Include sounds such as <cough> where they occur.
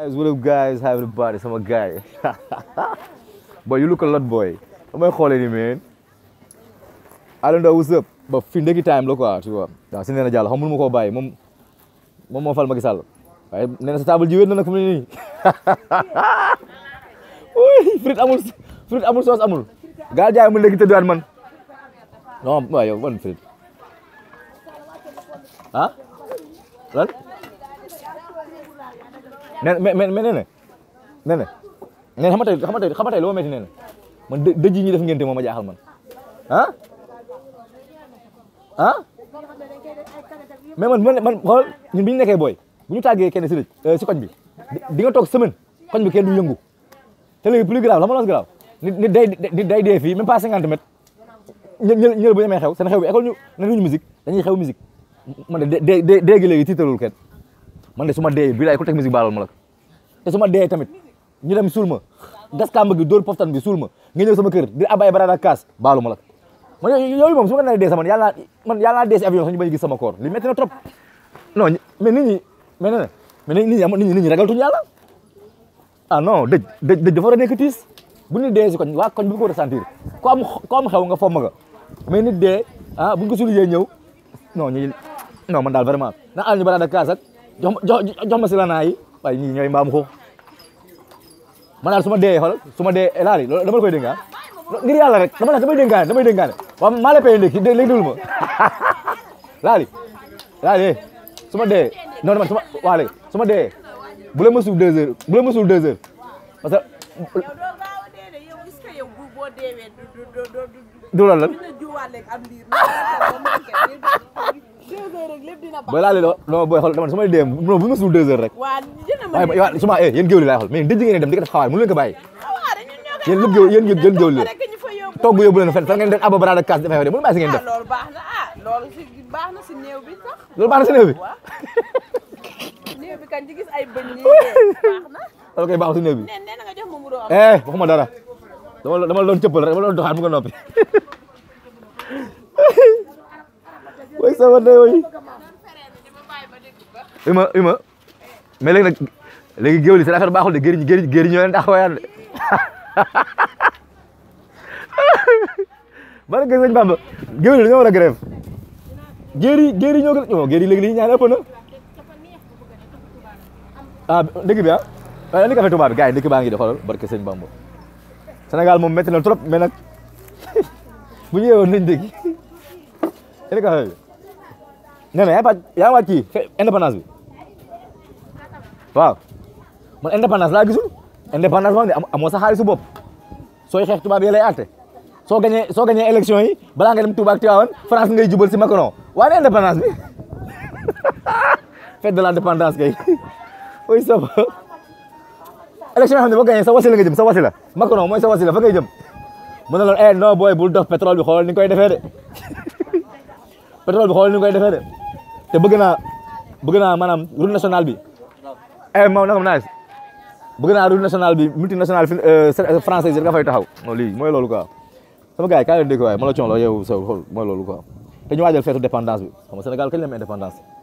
guys what up guys how everybody sama guy <laughs> boy you look a lot boy damay xoolee ni man Alioune what's up ba fi ndekki time la quoi tu vois waaw si nee na jàll xam mënu ma koo bàyyi moom moom moo fal Macky Sall waaye nee na sa table ji wéet na nag fu mu ne nii oui <laughs> frite amul frite amul sauce amul gaal jaay mu ndekki tëdduwaat man non waaw yow man frite ah lan nee na mais mais nee na nee na nee na xam nga tey xam nga tey xam nee na man dë dëj yi ñuy ngeen ngénte moom ma jaaxal man ah ah mais man man man xool ñun bi ñu nekkee booy bu ñu tàggee kenn si dëj euh, si koñ bi di nga toog semaine koñ bi kenn du yëngu te léegi plus grave la ma la grave nit nit day nit day dee fii même pas cinquante mètres ñu ñu ñu bu ñu xew seen xew bi école ñu ne ñu musique dañuy xew musique man de dé dé dégg léegi tiitalul ken man de suma bi bilaay ko tek musique balal ma la te suma dee tamit ñu dem sulma ma gas kàmb gi dóor poftan bi sulma nga ñew sama kër di abay barada kas balu ma la man yoy mom suma na ko sama yalla man yalla dee si avion sax ñu bañ gis sama koor li metti na trop non mais nit ñi mais nee mais nit ñi am nit ñi ragal tuñu yalla ah non de de de dafa nek tis bu ñu dee ci koñ wa koñ bu ko ressentir ko am ko am xew nga fomm nga mais nit dee ah bu ñu ko sulu ye ñew non ñi non man dal vraiment na al ñu barada kas ak jox ma jox ma si waaye ñii ñooy mbaam xuux ma daal su ma dee xool su ma dee laal loolu dama la koy dénkaan ngir yàlla damay dénkaane damay dénkaane waaw maa la payé léegi léegi déglu ma laali laali su ma dee non man su ma waa léegi su ma dee bu la mësul deux heures bu parce que du loolu deux heures rek lépp dina baax booy laale non booy xool dama ne su ma dee non bu ma suul rek. waaw jënd ma waaye laay xool mais dëj ngeen dem di ko def xawaay mënu leen ko bàyyi. yéen lépp géwél yéen yéen géwél la togg yóbbu leen fenn fan kaas dafay de mënu bàyyi si ngeen def. Ah, loolu baax na ah loolu baax na si néew bi sax. loolu baax na si néew bi. <laughs> néew bi kan ci gis na. loolu <laughs> kay baaxul si néew bi. nee mu doon eh, dara dama la doon rek dama la doon doxaat mu <laughs> way sama ndey way ima ima mais léegi nag léegi géwél yi seen affaire baaxul de géri géri géri ñoo leen taxawayaan de bala gis nañ Bamba géwél yi dañoo war a grève géri ñoo gën a géri ñaan ëpp na ah dëkk bi ah waaye li café Touba bi gars baa ngi di xoolal barke sëñ Bamba Sénégal moom métti na trop mais nag <laughs> bu ñu yeewoon nañ dëkk Sénégal nee na yaa waat kii indépendance bi waaw man indépendance laa gisul indépendance moom ne amoo sa su bopp sooy xeex tubaab yi lay àtte soo gañee soo gañee élection yi bala nga dem Touba ak Tivaouane France ngay jubal si Macron waaye indépendance bi <laughs> fête de l'indépendance kay ooy <laughs> sa élection ne boo gañee sa wasila nga jëm sa wasila Macron mooy sa wasila fa ngay jëm mu ne loolu eh non booy bul dof bi xoolal ni koy defee de <laughs> pétrole bi xool ni koy defee de te bëgg naa bëgg naa maanaam route nationale bi eh moom naka ma bëgg naa route national bi multinationale euh, euh, française yi nga fay taxaw non lii mooy loolu quoi sama gars yi kaay leen dégg waaye ma la loolu quoi te ñu waajal feetu dépendance bi xam nga Sénégal kañ la am